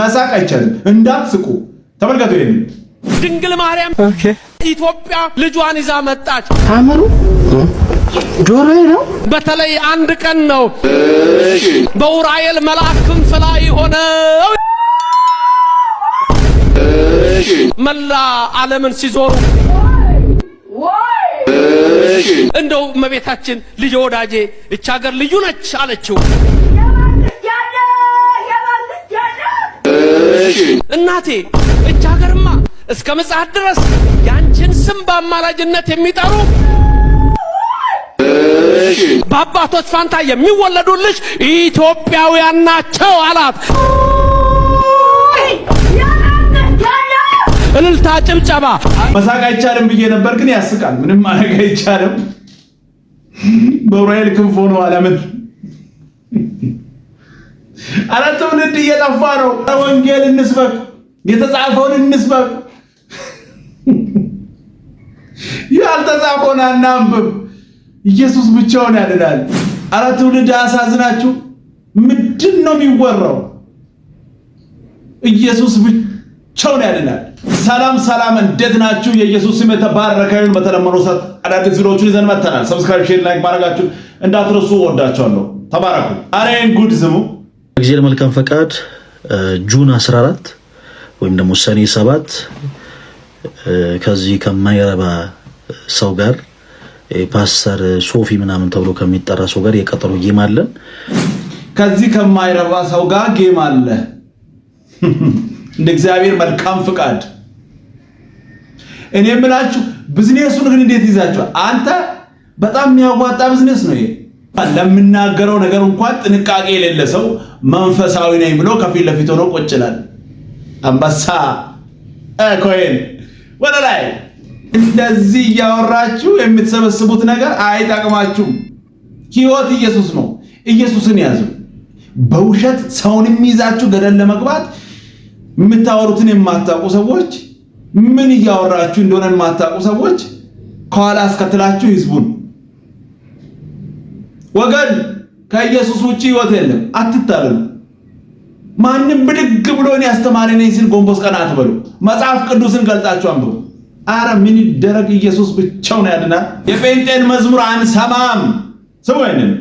መሳቅ አይቻልም። እንዳትስቁ ተመልከቱ። ይሄን ድንግል ማርያም ኢትዮጵያ ልጇን ይዛ መጣች። ታምሩ ጆሮ ነው። በተለይ አንድ ቀን ነው በኡራኤል መልአክ ክንፍ ላይ መላ ዓለምን ሲዞሩ እንደው እመቤታችን ልጅ ወዳጄ እቻገር ሀገር ልዩ ነች አለችው። እናቴ እች ሀገርማ እስከ ምጽአት ድረስ ያንቺን ስም በአማላጅነት የሚጠሩ በአባቶች ፋንታ የሚወለዱልሽ ኢትዮጵያውያን ናቸው አላት። እልልታ፣ ጭብጨባ። መሳቅ አይቻልም ብዬ ነበር፣ ግን ያስቃል። ምንም ማድረግ አይቻልም። በዑራኤል ክንፎ ነው አለምን አረ ትውልድ እየጠፋ ነው። ወንጌል እንስበክ፣ የተጻፈውን እንስበክ፣ ያልተጻፈውን አናንብብ። ኢየሱስ ብቻውን ያድናል። አረ ትውልድ አያሳዝናችሁ? ምንድን ነው የሚወራው? ኢየሱስ ብቻውን ያድናል። ሰላም ሰላም፣ እንዴት ናችሁ? የኢየሱስ ስም የተባረከ ይሁን። በተለመደው ሰዓት አዳዲስ ቪዲዮዎችን ይዘን መጥተናል። ሰብስክራይብ፣ ሼር፣ ላይክ ማድረጋችሁን እንዳትረሱ። ወዳችኋለሁ። ተባረኩ። አሬን ጉድ ዝሙ እግዚአብሔር መልካም ፈቃድ ጁን 14 ወይም ደግሞ ሰኔ ሰባት ከዚህ ከማይረባ ሰው ጋር ፓስተር ሶፊ ምናምን ተብሎ ከሚጠራ ሰው ጋር የቀጠሮ ጌም አለን። ከዚህ ከማይረባ ሰው ጋር ጌም አለ። እንደ እግዚአብሔር መልካም ፍቃድ እኔ የምላችሁ ቢዝነሱን ግን እንዴት ይዛችኋል? አንተ በጣም የሚያዋጣ ቢዝነስ ነው ይሄ። ለምናገረው ነገር እንኳን ጥንቃቄ የሌለ ሰው መንፈሳዊ ነኝ ብሎ ከፊት ለፊት ሆኖ ቁጭ ይላል። አንበሳ ኮይን ወደ ላይ እንደዚህ እያወራችሁ የምትሰበስቡት ነገር አይጠቅማችሁም። ህይወት ኢየሱስ ነው። ኢየሱስን ያዙ። በውሸት ሰውን የሚይዛችሁ ገደል ለመግባት የምታወሩትን የማታውቁ ሰዎች፣ ምን እያወራችሁ እንደሆነ የማታውቁ ሰዎች ከኋላ አስከትላችሁ ህዝቡን ወገን ከኢየሱስ ውጪ ህይወት የለም። አትታለሉ። ማንም ብድግ ብሎ እኔ አስተማሪ ነኝ ሲል ጎንበስ ቀና አትበሉ። መጽሐፍ ቅዱስን ገልጣችሁ አንብቡ። አረ ምን ይደረግ፣ ኢየሱስ ብቻውን ያድናል። የጴንጤን መዝሙር አንሰማም። ስሙ ይንን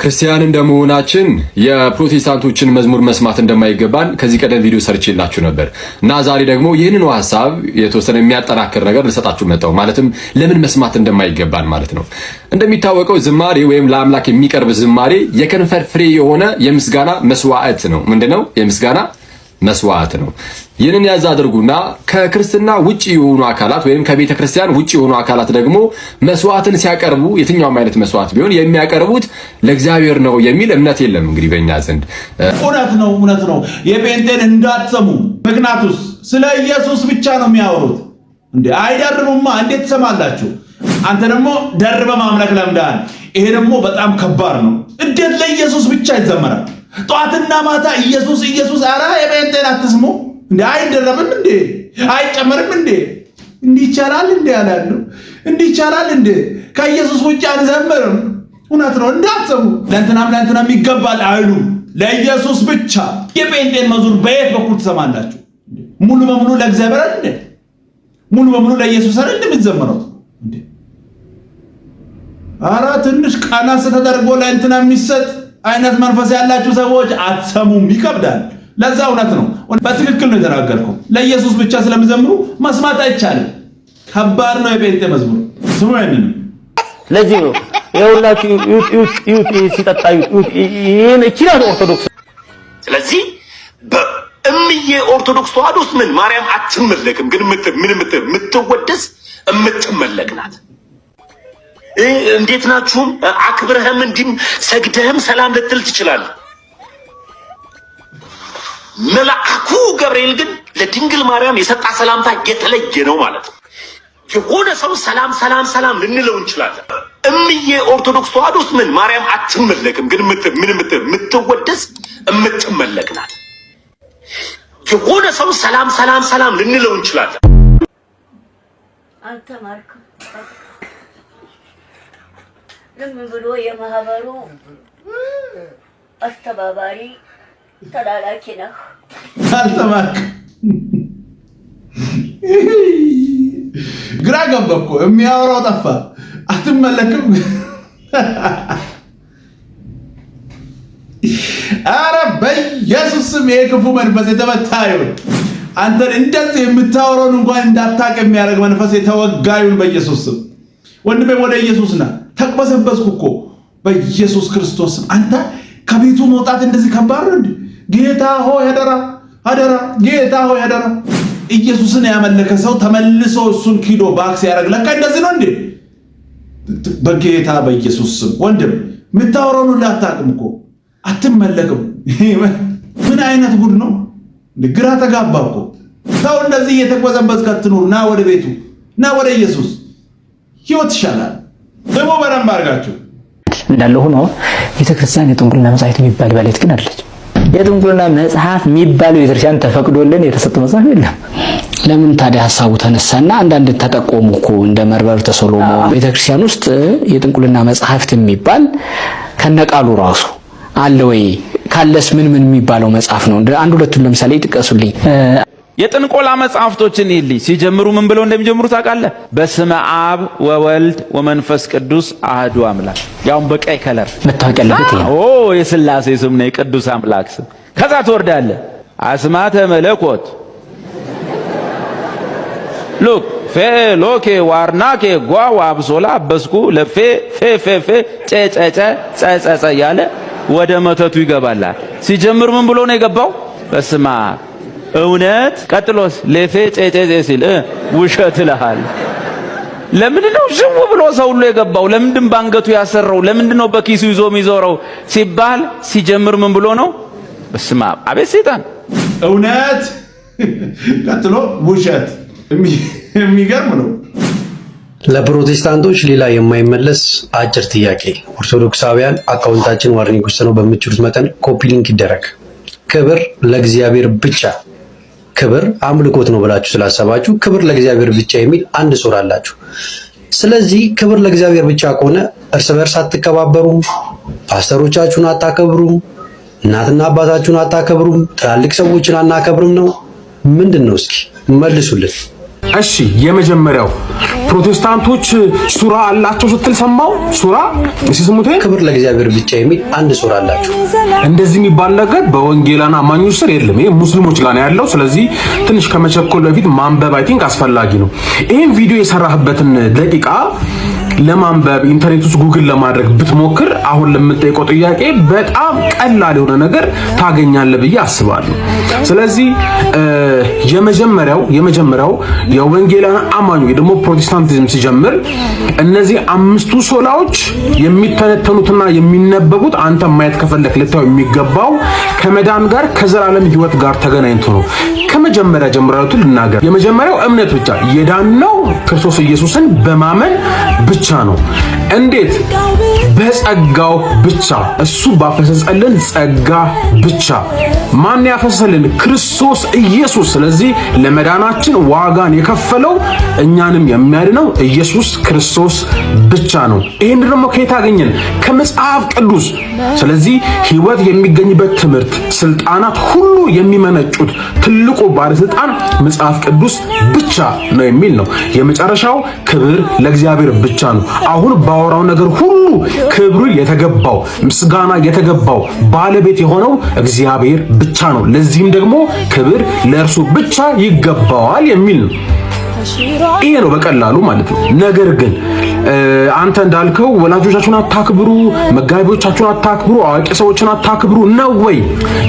ክርስቲያን እንደመሆናችን የፕሮቴስታንቶችን መዝሙር መስማት እንደማይገባን ከዚህ ቀደም ቪዲዮ ይላችሁ ነበር እና ዛሬ ደግሞ ይህንኑ ሀሳብ የተወሰነ የሚያጠናክር ነገር ልሰጣችሁ መጣው ማለትም ለምን መስማት እንደማይገባን ማለት ነው። እንደሚታወቀው ዝማሬ ወይም ለአምላክ የሚቀርብ ዝማሬ የከንፈር ፍሬ የሆነ የምስጋና መስዋዕት ነው። ምንድነው? የምስጋና መስዋዕት ነው። ይህንን ያዝ አድርጉና ከክርስትና ውጭ የሆኑ አካላት ወይም ከቤተ ክርስቲያን ውጭ የሆኑ አካላት ደግሞ መስዋዕትን ሲያቀርቡ የትኛውም አይነት መስዋዕት ቢሆን የሚያቀርቡት ለእግዚአብሔር ነው የሚል እምነት የለም። እንግዲህ በእኛ ዘንድ እውነት ነው፣ እውነት ነው። የጴንጤን እንዳትሰሙ። ምክንያቱስ ስለ ኢየሱስ ብቻ ነው የሚያወሩት። እንዴ አይደርቡማ፣ እንዴት ትሰማላችሁ? አንተ ደግሞ ደርበ ማምለክ ለምዳን። ይሄ ደግሞ በጣም ከባድ ነው። እንዴት ለኢየሱስ ብቻ ይዘመራል? ጧትና ማታ ኢየሱስ ኢየሱስ። አረ የጴንጤን አትስሙ እንዴ! አይደረምም እንዴ? አይጨመርም እንዴ? እንዲህ ይቻላል እንዴ? አላሉ እንዲህ ይቻላል እንዴ? ከኢየሱስ ውጭ አንዘምርም። እውነት ነው፣ እንዳትሰሙ። ለእንትናም ለእንትናም ይገባል አይሉ፣ ለኢየሱስ ብቻ። የጴንጤን መዝሙር በየት በኩል ትሰማላችሁ? ሙሉ በሙሉ ለእግዚአብሔር እንዴ? ሙሉ በሙሉ ለኢየሱስ አይደል እንዴ እንዴ? አራ ትንሽ ቀናስ ተደርጎ ለእንትና የሚሰጥ አይነት መንፈስ ያላችሁ ሰዎች አትሰሙም፣ ይከብዳል። ለዛ እውነት ነው፣ በትክክል ነው የተናገርኩ። ለኢየሱስ ብቻ ስለሚዘምሩ መስማት አይቻልም። ከባድ ነው የጴንጤ መዝሙር። ስሙ አይደለም። ለዚህ ነው የሁላችሁ ዩት ሲጠጣ ዩት ይሄን እቺና ኦርቶዶክስ። ስለዚህ በእምዬ ኦርቶዶክስ ተዋህዶ ውስጥ ምን ማርያም አትመለክም፣ ግን ምን የምትወደስ የምትመለክ ናት። እንዴት ናችሁም አክብረህም እንዲም ሰግደህም ሰላም ልትል ትችላለህ። መልአኩ ገብርኤል ግን ለድንግል ማርያም የሰጣ ሰላምታ የተለየ ነው ማለት ነው። የሆነ ሰው ሰላም ሰላም ሰላም ልንለው እንችላለን። እምዬ ኦርቶዶክስ ተዋሕዶ ውስጥ ምን ማርያም አትመለክም፣ ግን ምን የምትወደስ የምትመለክ ናት። የሆነ ሰው ሰላም ሰላም ሰላም ልንለው እንችላለን። ዝም ብሎ የማህበሩ አስተባባሪ ተላላኪ ነህ አልተባክ ግራ ገባ እኮ የሚያወራው ጠፋ። አትመለክም። አረ በኢየሱስ ስም ይሄ ክፉ መንፈስ የተመታ ይሁን። አንተን እንደዚህ የምታወራውን እንኳን እንዳታቅ የሚያደርግ መንፈስ የተወጋ ይሁን በኢየሱስ ስም። ወንድሜ ወደ ኢየሱስ ና። ተቅበዘበዝኩ እኮ በኢየሱስ ክርስቶስ አንተ ከቤቱ መውጣት እንደዚህ ከባድ እንድ ጌታ ሆይ አደራ አደራ፣ ጌታ ሆይ አደራ። ኢየሱስን ያመለከ ሰው ተመልሶ እሱን ኪዶ ባክስ ያደርግ ለካ እንደዚህ ነው እንዴ? በጌታ በኢየሱስ ስም ወንድም የምታወራውን ሁሉ አታውቅም እኮ አትመለክም። ምን አይነት ጉድ ነው? ግራ ተጋባ እኮ ሰው። እንደዚህ እየተቅበዘበዝክ ከትኑር ና ወደ ቤቱ፣ ና ወደ ኢየሱስ። ህይወት ይሻላል። ስሙ በደንብ አድርጋችሁ። እንዳለ ሆኖ ቤተክርስቲያን የጥንቁልና መጽሐፍ የሚባል ባሌት ግን አለች። የጥንቁልና መጽሐፍ የሚባለው ቤተክርስቲያን ተፈቅዶልን የተሰጠ መጽሐፍ የለም። ለምን ታዲያ ሀሳቡ ተነሳና አንዳንድ ተጠቆሙ እኮ እንደ መርበር ተሰሎሞ ቤተክርስቲያን ውስጥ የጥንቁልና መጽሐፍት የሚባል ከነቃሉ ራሱ አለ ወይ? ካለስ ምን ምን የሚባለው መጽሐፍ ነው? አንድ ሁለቱን ለምሳሌ ይጥቀሱልኝ። የጥንቆላ መጽሐፍቶችን ይልይ ሲጀምሩ ምን ብለው እንደሚጀምሩ ታውቃለህ? በስመ አብ ወወልድ ወመንፈስ ቅዱስ አህዱ አምላክ። ያውም በቀይ ከለር መታወቂያ ያለበት ኦ የስላሴ ስም ነው፣ የቅዱስ አምላክ ስም። ከዛ ትወርዳለህ። አስማተ መለኮት ሉክ ፌ ሎኬ ዋርናኬ ጓ ዋብሶላ አበስኩ ለፌ ፌ ፌ ፌ ጨ ጨ ጨ ጸ ጸ ጸ ያለ ወደ መተቱ ይገባላል። ሲጀምር ምን ብሎ ነው የገባው? በስመ አብ እውነት ቀጥሎስ ሌፌ ጬጬ ሲል ውሸት እልሃል። ለምንድን ነው ዝም ብሎ ሰው ሁሉ የገባው? ለምንድን ባንገቱ ያሰረው? ለምንድን ነው በኪሱ ይዞ የሚዞረው ሲባል ሲጀምር ምን ብሎ ነው? በስመ አብ አቤት ሰይጣን! እውነት ቀጥሎ ውሸት። የሚገርም ነው። ለፕሮቴስታንቶች ሌላ የማይመለስ አጭር ጥያቄ፣ ኦርቶዶክሳውያን አካውንታችን ዋርኒንግ ውስጥ ነው በምትችሉት መጠን ኮፒ ሊንክ ይደረግ። ክብር ለእግዚአብሔር ብቻ። ክብር አምልኮት ነው ብላችሁ ስላሰባችሁ ክብር ለእግዚአብሔር ብቻ የሚል አንድ ሱር አላችሁ። ስለዚህ ክብር ለእግዚአብሔር ብቻ ከሆነ እርስ በርስ አትከባበሩም፣ ፓስተሮቻችሁን አታከብሩም፣ እናትና አባታችሁን አታከብሩም፣ ትላልቅ ሰዎችን አናከብርም ነው ምንድን ነው? እስኪ መልሱልን። እሺ የመጀመሪያው ፕሮቴስታንቶች ሱራ አላቸው ስትል ሰማው። ሱራ እሺ፣ ክብር ለእግዚአብሔር ብቻ የሚል አንድ ሱራ አላቸው። እንደዚህ የሚባል ነገር በወንጌላና አማኞች ስር የለም። ይሄ ሙስሊሞች ጋር ነው ያለው። ስለዚህ ትንሽ ከመቸኮል በፊት ማንበብ አይ ቲንክ አስፈላጊ ነው። ይሄን ቪዲዮ የሰራህበትን ደቂቃ ለማንበብ ኢንተርኔት ውስጥ ጉግል ለማድረግ ብትሞክር አሁን ለምትጠይቀው ጥያቄ በጣም ቀላል የሆነ ነገር ታገኛለህ ብዬ አስባለሁ። ስለዚህ የመጀመሪያው የመጀመሪያው የወንጌላን አማኙ ደግሞ ፕሮቴስታንቲዝም ሲጀምር እነዚህ አምስቱ ሶላዎች የሚተነተኑትና የሚነበቡት አንተ ማየት ከፈለክ ልታየው የሚገባው ከመዳን ጋር ከዘላለም ሕይወት ጋር ተገናኝቶ ነው። ከመጀመሪያ ጀምራቱ ልናገር፣ የመጀመሪያው እምነት ብቻ የዳነው ክርስቶስ ኢየሱስን በማመን ብቻ ብቻ ነው። እንዴት በጸጋው ብቻ እሱ ባፈሰሰልን ጸጋ ብቻ። ማን ያፈሰሰልን? ክርስቶስ ኢየሱስ። ስለዚህ ለመዳናችን ዋጋን የከፈለው እኛንም የሚያድነው ኢየሱስ ክርስቶስ ብቻ ነው። ይህን ደግሞ ከየት አገኘን? ከመጽሐፍ ቅዱስ። ስለዚህ ሕይወት የሚገኝበት ትምህርት፣ ስልጣናት ሁሉ የሚመነጩት ትልቁ ባለስልጣን መጽሐፍ ቅዱስ ብቻ ነው የሚል ነው። የመጨረሻው ክብር ለእግዚአብሔር ብቻ ነው። አሁን ባወራው ነገር ሁሉ ክብሩ የተገባው ምስጋና የተገባው ባለቤት የሆነው እግዚአብሔር ብቻ ነው። ለዚህም ደግሞ ክብር ለእርሱ ብቻ ይገባዋል የሚል ነው። ይሄ ነው በቀላሉ ማለት ነው። ነገር ግን አንተ እንዳልከው ወላጆቻችሁን አታክብሩ፣ መጋቢዎቻችሁን አታክብሩ፣ አዋቂ ሰዎችን አታክብሩ ነው ወይ?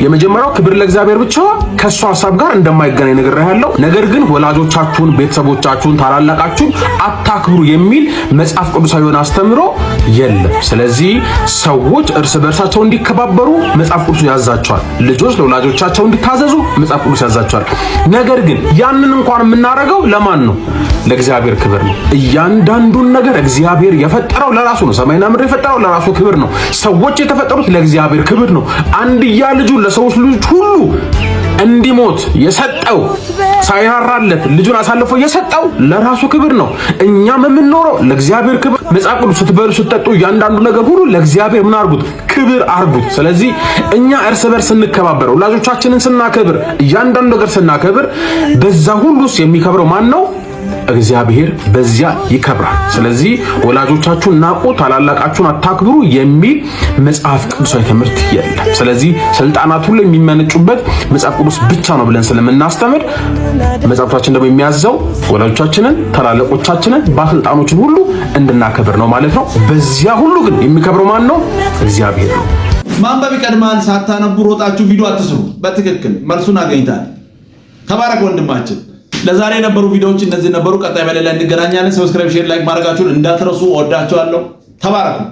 የመጀመሪያው ክብር ለእግዚአብሔር ብቻ ከእሱ ሀሳብ ጋር እንደማይገናኝ ነገር ያለው ነገር ግን ወላጆቻችሁን፣ ቤተሰቦቻችሁን፣ ታላላቃችሁን አታክብሩ የሚል መጽሐፍ ቅዱሳዊ የሆነ አስተምሮ የለም። ስለዚህ ሰዎች እርስ በእርሳቸው እንዲከባበሩ መጽሐፍ ቅዱስ ያዛቸዋል። ልጆች ለወላጆቻቸው እንዲታዘዙ መጽሐፍ ቅዱስ ያዛቸዋል። ነገር ግን ያንን እንኳን የምናደርገው ለማን ነው? ነው፣ ለእግዚአብሔር ክብር ነው። እያንዳንዱን ነገር እግዚአብሔር የፈጠረው ለራሱ ነው። ሰማይና ምድር የፈጠረው ለራሱ ክብር ነው። ሰዎች የተፈጠሩት ለእግዚአብሔር ክብር ነው። አንድያ ልጁ ለሰዎች ልጆች ሁሉ እንዲሞት የሰጠው ሳይራራለት ልጁን አሳልፎ የሰጠው ለራሱ ክብር ነው። እኛም የምንኖረው ለእግዚአብሔር ክብር። መጽሐፍ ቅዱስ ስትበሉ ስትጠጡ፣ እያንዳንዱ ነገር ሁሉ ለእግዚአብሔር ምን አርጉት? ክብር አድርጉት። ስለዚህ እኛ እርስ በርስ ስንከባበር፣ ወላጆቻችንን ስናከብር፣ እያንዳንዱ ነገር ስናከብር፣ በዛ ሁሉስ የሚከብረው ማን ነው? እግዚአብሔር በዚያ ይከብራል። ስለዚህ ወላጆቻችሁን ናቁ፣ ታላላቃችሁን አታክብሩ የሚል መጽሐፍ ቅዱሳዊ ትምህርት የለም። ስለዚህ ስልጣናት ሁሉ የሚመነጩበት መጽሐፍ ቅዱስ ብቻ ነው ብለን ስለምናስተምር መጽሐፍታችን ደግሞ የሚያዘው ወላጆቻችንን፣ ታላላቆቻችንን፣ ባለስልጣኖችን ሁሉ እንድናከብር ነው ማለት ነው። በዚያ ሁሉ ግን የሚከብረው ማን ነው? እግዚአብሔር ነው። ማንበብ ይቀድማል። ሳታነቡ ሮጣችሁ ቪዲዮ አትስሩ። በትክክል መልሱን አገኝታል። ተባረክ ወንድማችን። ለዛሬ የነበሩ ቪዲዮዎች እነዚህ ነበሩ። ቀጣይ በሌላ እንገናኛለን። ሰብስክራይብ፣ ሼር፣ ላይክ ማድረጋችሁን እንዳትረሱ። ወዳችኋለሁ። ተባረኩ።